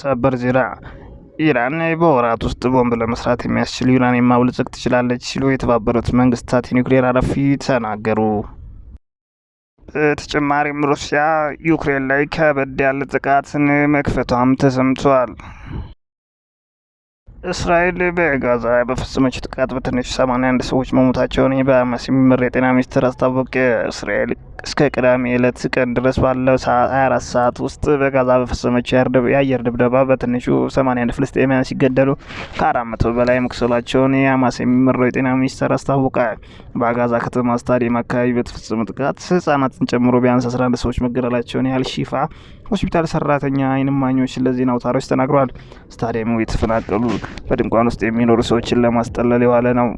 ሰበር ዜና ኢራን በወራት ውስጥ ቦምብ ለመስራት የሚያስችል ዩራኒየም ማብልጸግ ትችላለች ሲሉ የተባበሩት መንግስታት የኒውክሌር ኃላፊ ተናገሩ። በተጨማሪም ሩሲያ ዩክሬን ላይ ከበድ ያለ ጥቃትን መክፈቷም ተሰምቷል። እስራኤል በጋዛ በፈጸመችው ጥቃት በትንሹ 81 ሰዎች መሞታቸውን በሐማስ የሚመራ የጤና ሚኒስቴር አስታወቀ። እስራኤል እስከ ቅዳሜ ዕለት ቀን ድረስ ባለው 24 ሰዓት ውስጥ በጋዛ በፈጸመችው የአየር ድብደባ በትንሹ 81 ፍልስጤማውያን ሲገደሉ ከአራት መቶ በላይ መቁሰላቸውን የሐማስ የሚመራው የጤና ሚኒስቴር አስታወቀ። በጋዛ ከተማ ስታዲየም አካባቢ በተፈጸመ ጥቃት ህጻናትን ጨምሮ ቢያንስ 11 ሰዎች መገደላቸውን ያህል ሺፋ ሆስፒታል ሰራተኛ አይንማኞች ለዜና አውታሮች ተናግረዋል። ስታዲየሙ የተፈናቀሉ በድንኳን ውስጥ የሚኖሩ ሰዎችን ለማስጠለል የዋለ ነው።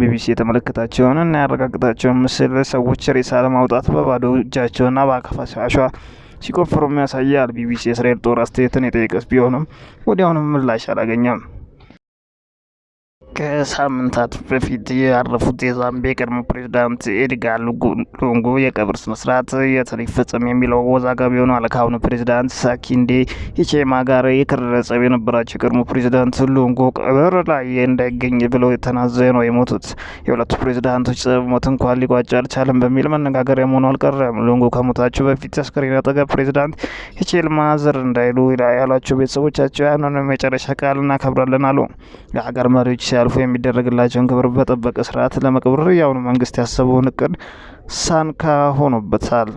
ቢቢሲ የተመለከታቸውን እና ያረጋግጣቸውን ምስል ሰዎች ሬሳ ለማውጣት በባዶ እጃቸውና በአካፋ አሸዋ ሲቆፍሩም ያሳያል። ቢቢሲ የእስራኤል ጦር አስተያየትን የጠየቀስ ቢሆንም ወዲያውንም ምላሽ አላገኘም። ከሳምንታት በፊት ያረፉት የዛምቤ የቀድሞ ፕሬዚዳንት ኤድጋር ሉንጉ የቀብር ስነስርዓት የት ይፈጸም የሚለው ወዛጋቢ ሆኗል። ከአሁኑ ፕሬዚዳንት ሳኪንዴ ሂቼማ ጋር የከረረ ጸብ የነበራቸው የቀድሞ ፕሬዚዳንት ሉንጉ ቀብር ላይ እንዳይገኝ ብለው የተናዘ ነው የሞቱት። የሁለቱ ፕሬዚዳንቶች ጸብ ሞት እንኳን ሊቋጭ አልቻለም በሚል መነጋገሪያ መሆኑ አልቀረም። ሉንጉ ከሞታቸው በፊት አስከሬን አጠገብ ፕሬዚዳንት ሂቼማ ዝር እንዳይሉ ያሏቸው ቤተሰቦቻቸው ያንኑ መጨረሻ ቃል እናከብራለን አሉ። የሀገር መሪዎች ሲያልፉ የሚደረግላቸውን ክብር በጠበቀ ስርዓት ለመቅበር የአሁኑ መንግስት ያሰበውን እቅድ ሳንካ ሆኖበታል።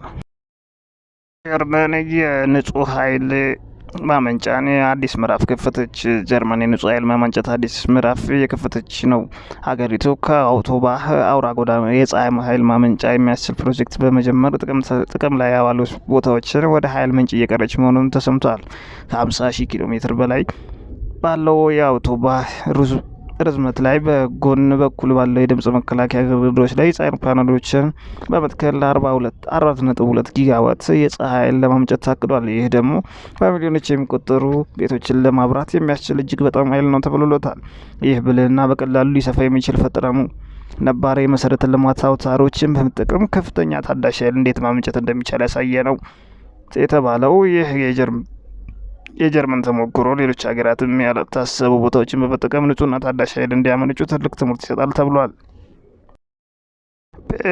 ጀርመን የንጹህ ኃይል ማመንጫን አዲስ ምዕራፍ ከፈተች። ጀርመን የንጹህ ኃይል ማመንጨት አዲስ ምዕራፍ የከፈተች ነው። ሀገሪቱ ከአውቶባህ አውራ ጎዳና የፀሐይ ኃይል ማመንጫ የሚያስችል ፕሮጀክት በመጀመር ጥቅም ላይ ያዋሉ ቦታዎችን ወደ ኃይል ምንጭ እየቀረች መሆኑን ተሰምቷል። ከ50 ሺህ ኪሎ ሜትር በላይ ባለው የአውቶባህ ርዝመት ላይ በጎን በኩል ባለው የድምፅ መከላከያ ግድግዳዎች ላይ የፀሐይ ፓነሎችን በመትከል ለ42 ጊጋዋት የፀሐይን ለማምጨት ታቅዷል። ይህ ደግሞ በሚሊዮኖች የሚቆጠሩ ቤቶችን ለማብራት የሚያስችል እጅግ በጣም ኃይል ነው ተብሎሎታል። ይህ ብልህና በቀላሉ ሊሰፋ የሚችል ፈጠራ ነው። ነባር የመሰረተ ልማት አውታሮችን በመጠቀም ከፍተኛ ታዳሽ ኃይል እንዴት ማምጨት እንደሚቻል ያሳየ ነው የተባለው ይህ የጀርም የጀርመን ተሞክሮ ሌሎች ሀገራትም ያልታሰቡ ቦታዎችን በመጠቀም ንጹህና ታዳሽ ኃይል እንዲያመነጩ ትልቅ ትምህርት ይሰጣል ተብሏል።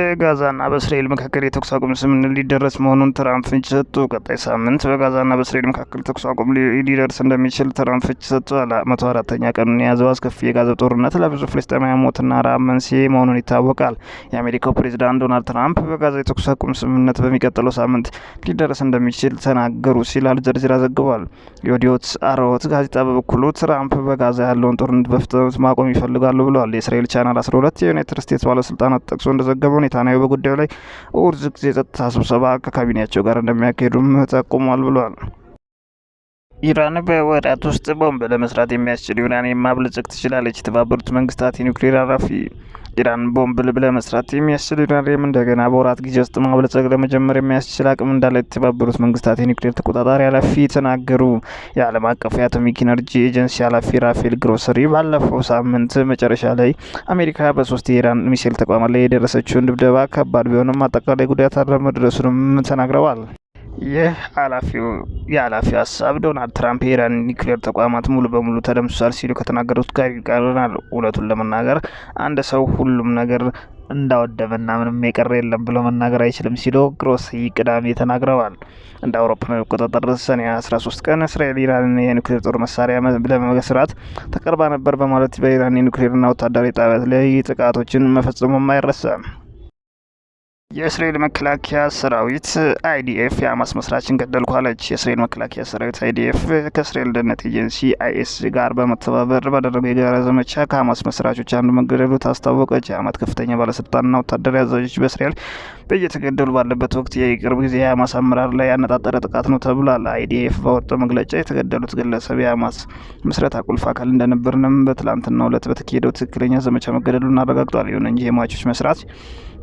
በጋዛና በእስራኤል መካከል የተኩስ አቁም ስምምነት ሊደረስ መሆኑን ትራምፕ ፍንጭ ሰጡ። ቀጣይ ሳምንት በጋዛና በእስራኤል መካከል ተኩስ አቁም ሊደርስ እንደሚችል ትራምፕ ፍንጭ ሰጡ። መቶ አራተኛ ቀኑን የያዘው አስከፊ የጋዛ ጦርነት ለብዙ ፍልስጤማውያን ሞትና ረሃብ መንስኤ መሆኑን ይታወቃል። የአሜሪካው ፕሬዚዳንት ዶናልድ ትራምፕ በጋዛ የተኩስ አቁም ስምምነት በሚቀጥለው ሳምንት ሊደረስ እንደሚችል ተናገሩ ሲል አልጀዚራ ዘግቧል። የኦዲዮት አረወት ጋዜጣ በበኩሉ ትራምፕ በጋዛ ያለውን ጦርነት በፍጥነት ማቆም ይፈልጋሉ ብለዋል። የእስራኤል ቻናል 12 የዩናይትድ ስቴትስ ባለስልጣናት ጠቅሶ እንደዘገበው ሁኔታ ነው። በጉዳዩ ላይ እሁድ ዝግ የጸጥታ ስብሰባ ከካቢኔያቸው ጋር እንደሚያካሂዱም ጠቁሟል ብሏል። ኢራን በወራት ውስጥ ቦምብ ለመስራት የሚያስችል ዩራኒየም ማብለጽግ ትችላለች። የተባበሩት መንግስታት የኒውክሌር አራፊ ኢራን ቦምብ ልብለ መስራት የሚያስችል ዩራኒየም እንደገና በወራት ጊዜ ውስጥ ማብለጸግ ለመጀመር የሚያስችል አቅም እንዳለ የተባበሩት መንግስታት የኒውክሌር ተቆጣጣሪ ኃላፊ ተናገሩ። የዓለም አቀፉ የአቶሚክ ኢነርጂ ኤጀንሲ ኃላፊ ራፌል ግሮሰሪ ባለፈው ሳምንት መጨረሻ ላይ አሜሪካ በሶስት የኢራን ሚሳኤል ተቋማት ላይ የደረሰችውን ድብደባ ከባድ ቢሆንም አጠቃላይ ጉዳት አለመድረሱንም ተናግረዋል። ይህ የኃላፊው ሀሳብ ዶናልድ ትራምፕ የኢራን ኒውክሌር ተቋማት ሙሉ በሙሉ ተደምሷል ሲሉ ከተናገሩት ጋር ይቃረናል። እውነቱን ለመናገር አንድ ሰው ሁሉም ነገር እንዳወደመና ምንም የቀረ የለም ብሎ መናገር አይችልም ሲሉ ግሮሲ ቅዳሜ ተናግረዋል። እንደ አውሮፓውያን አቆጣጠር ሰኔ 13 ቀን እስራኤል ኢራንን የኒውክሌር ጦር መሳሪያ ለመስራት ተቀርባ ነበር በማለት በኢራን የኒውክሌርና ወታደራዊ ጣቢያት ላይ ጥቃቶችን መፈጸሙም አይረሳም። የእስራኤል መከላከያ ሰራዊት አይዲኤፍ የሐማስ መስራችን ገደልኩ አለች። የእስራኤል መከላከያ ሰራዊት አይዲኤፍ ከእስራኤል ደህንነት ኤጀንሲ አይኤስ ጋር በመተባበር ባደረገው የጋራ ዘመቻ ከሐማስ መስራቾች አንዱ መገደሉ ታስታወቀች። የሐማስ ከፍተኛ ባለስልጣንና ወታደራዊ አዛዦች በእስራኤል በየተገደሉ ባለበት ወቅት የቅርብ ጊዜ የሐማስ አመራር ላይ ያነጣጠረ ጥቃት ነው ተብሏል። አይዲኤፍ ባወጣው መግለጫ የተገደሉት ግለሰብ የሐማስ ምስረታ ቁልፍ አካል እንደነበርንም በትላንትናው ዕለት በተካሄደው ትክክለኛ ዘመቻ መገደሉን አረጋግጧል። ይሁን እንጂ የሟቾች መስራች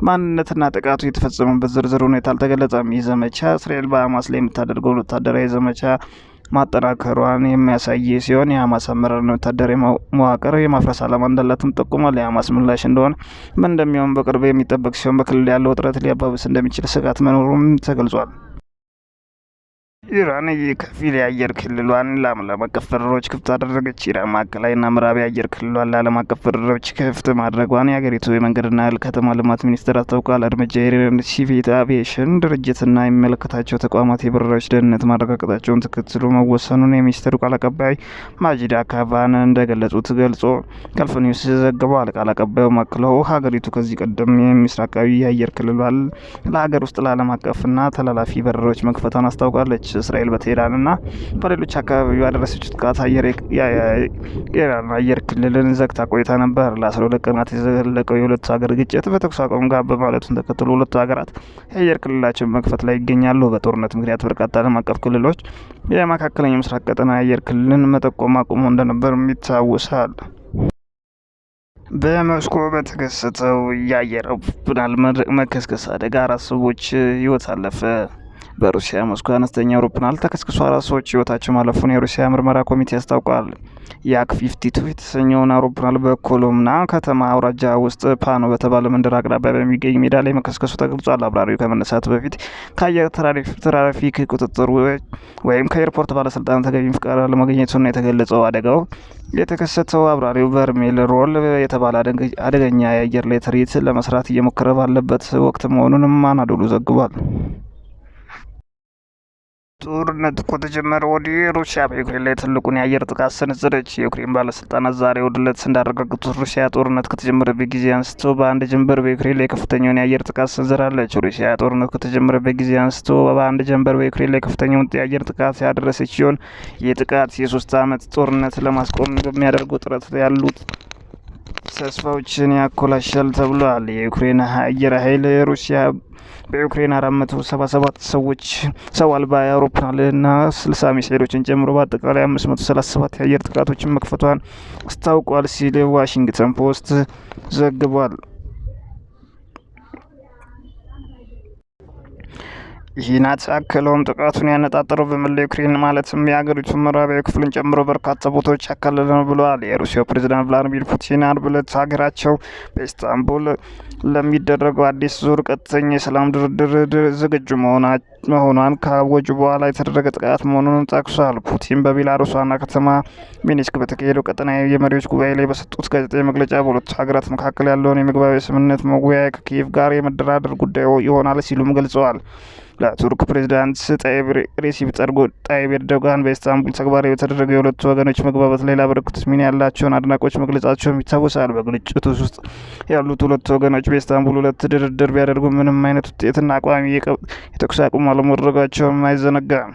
ማንነትና ጥቃቱ ጥቃቱ የተፈጸመበት ዝርዝር ሁኔታ አልተገለጸም። ይህ ዘመቻ እስራኤል በሐማስ ላይ የምታደርገውን ወታደራዊ ዘመቻ ማጠናከሯን የሚያሳይ ሲሆን የሐማስ አመራርና ወታደራዊ መዋቅር የማፍረስ ዓላማ እንዳላትም ጠቁሟል። የሐማስ ምላሽ እንደሆነ ምን እንደሚሆን በቅርብ የሚጠበቅ ሲሆን በክልል ያለው ውጥረት ሊያባብስ እንደሚችል ስጋት መኖሩም ተገልጿል። ኢራን የከፊል የአየር ክልሏን ለዓለም አቀፍ በረራዎች ክፍት አደረገች። ኢራን ማዕከላዊና ምዕራብ የአየር ክልሏን ለዓለም አቀፍ በረራዎች ክፍት ማድረጓን የአገሪቱ የመንገድና ከተማ ልማት ሚኒስቴር አስታውቋል። እርምጃ የኢራን ሲቪል አቪዬሽን ድርጅትና የሚመለከታቸው ተቋማት የበረራዎች ደህንነት ማረጋገጣቸውን ተከትሎ መወሰኑን የሚኒስቴሩ ቃል አቀባይ ማጂድ አካቫን እንደገለጹት ገልጾ ገልፍ ኒውስ ዘግቧል። ቃል አቀባዩ አክለው ሀገሪቱ ከዚህ ቀደም የምስራቃዊ የአየር ክልሏን ለሀገር ውስጥ ለዓለም አቀፍና ተላላፊ በረራዎች መክፈቷን አስታውቃለች። እስራኤል በቴህራን እና በሌሎች አካባቢ ያደረሰች ጥቃት የኢራን አየር ክልልን ዘግታ ቆይታ ነበር። ለ12 ቀናት የዘለቀው የሁለቱ ሀገር ግጭት በተኩስ አቁም ጋር በማለቱን ተከትሎ ሁለቱ ሀገራት የአየር ክልላቸውን መክፈት ላይ ይገኛሉ። በጦርነት ምክንያት በርካታ ዓለም አቀፍ ክልሎች የመካከለኛ ምስራቅ ቀጠና የአየር ክልልን መጠቆም አቁሞ እንደነበር ይታወሳል። በሞስኮ በተከሰተው የአየር ብናል መከስከስ አደጋ አራት ሰዎች ህይወት አለፈ። በሩሲያ ሞስኮ አነስተኛ አውሮፕላን ተከስክሶ አራት ሰዎች ህይወታቸው ማለፉን የሩሲያ ምርመራ ኮሚቴ አስታውቋል። ያክ ፊፍቲቱ የተሰኘውን አውሮፕላን በኮሎምና ከተማ አውራጃ ውስጥ ፓኖ በተባለ መንደር አቅራቢያ በሚገኝ ሜዳ ላይ መከስከሱ ተገልጿል። አብራሪው ከመነሳት በፊት ከአየር ትራፊክ ቁጥጥር ወይም ከኤርፖርት ባለስልጣን ተገቢ ፍቃድ አለማግኘቱን የተገለጸው አደጋው የተከሰተው አብራሪው በርሜል ሮል የተባለ አደገኛ የአየር ላይ ትርኢት ለመስራት እየሞከረ ባለበት ወቅት መሆኑንም አናዶሉ ዘግቧል። ጦርነት ከተጀመረ ወዲህ ሩሲያ በዩክሬን ላይ ትልቁን የአየር ጥቃት ሰነዘረች። የዩክሬን ባለስልጣናት ዛሬ እሁድ ዕለት እንዳረጋገጡት ሩሲያ ጦርነት ከተጀመረበት ጊዜ አንስቶ በአንድ ጀንበር በዩክሬን ላይ ከፍተኛውን የአየር ጥቃት ሰንዝራለች። ሩሲያ ጦርነት ከተጀመረበት ጊዜ አንስቶ በአንድ ጀንበር በዩክሬን ላይ ከፍተኛውን የአየር ጥቃት ያደረሰች ሲሆን ይህ ጥቃት የሶስት ዓመት ጦርነት ለማስቆም በሚያደርገው ጥረት ያሉት ተስፋዎችን ያኮላሻል ተብሏል። የዩክሬን አየር ኃይል ሩሲያ በዩክሬን 477 ሰዎች ሰው አልባ አውሮፕላንና 60 ሚሳይሎችን ጨምሮ በአጠቃላይ 537 የአየር ጥቃቶችን መክፈቷን አስታውቋል ሲል ዋሽንግተን ፖስት ዘግቧል። ይህናት አክለውም ጥቃቱን ያነጣጠረው በመላው ዩክሬን ማለትም የሀገሪቱ ምዕራባዊ ክፍልን ጨምሮ በርካታ ቦታዎች ያካለለ ነው ብለዋል። የሩሲያው ፕሬዚዳንት ቭላዲሚር ፑቲን አርብ ዕለት ሀገራቸው በኢስታንቡል ለሚደረገው አዲስ ዙር ቀጥተኛ የሰላም ድርድር ዝግጁ መሆኗን ካወጁ በኋላ የተደረገ ጥቃት መሆኑን ጠቅሷል። ፑቲን በቤላሩስ ዋና ከተማ ሚኒስክ በተካሄደው ቀጠናዊ የመሪዎች ጉባኤ ላይ በሰጡት ጋዜጣዊ መግለጫ በሁለቱ ሀገራት መካከል ያለውን የመግባቢያ ስምምነት መወያያ ከኪየቭ ጋር የመደራደር ጉዳይ ይሆናል ሲሉም ገልጸዋል። ለቱርክ ፕሬዚዳንት ጣይብ ሬሲፕ ጣይብ ኤርዶጋን በኢስታንቡል ተግባራዊ በተደረገው የሁለቱ ወገኖች መግባባት ላይ ላበረከቱት ሚና ያላቸውን አድናቆች መግለጻቸውም ይታወሳል። በግጭቶች ውስጥ ያሉት ሁለቱ ወገኖች በኢስታንቡል ሁለት ድርድር ቢያደርጉ ምንም አይነት ውጤትና አቋሚ የተኩስ አቁም አለመደረጋቸውም አይዘነጋም።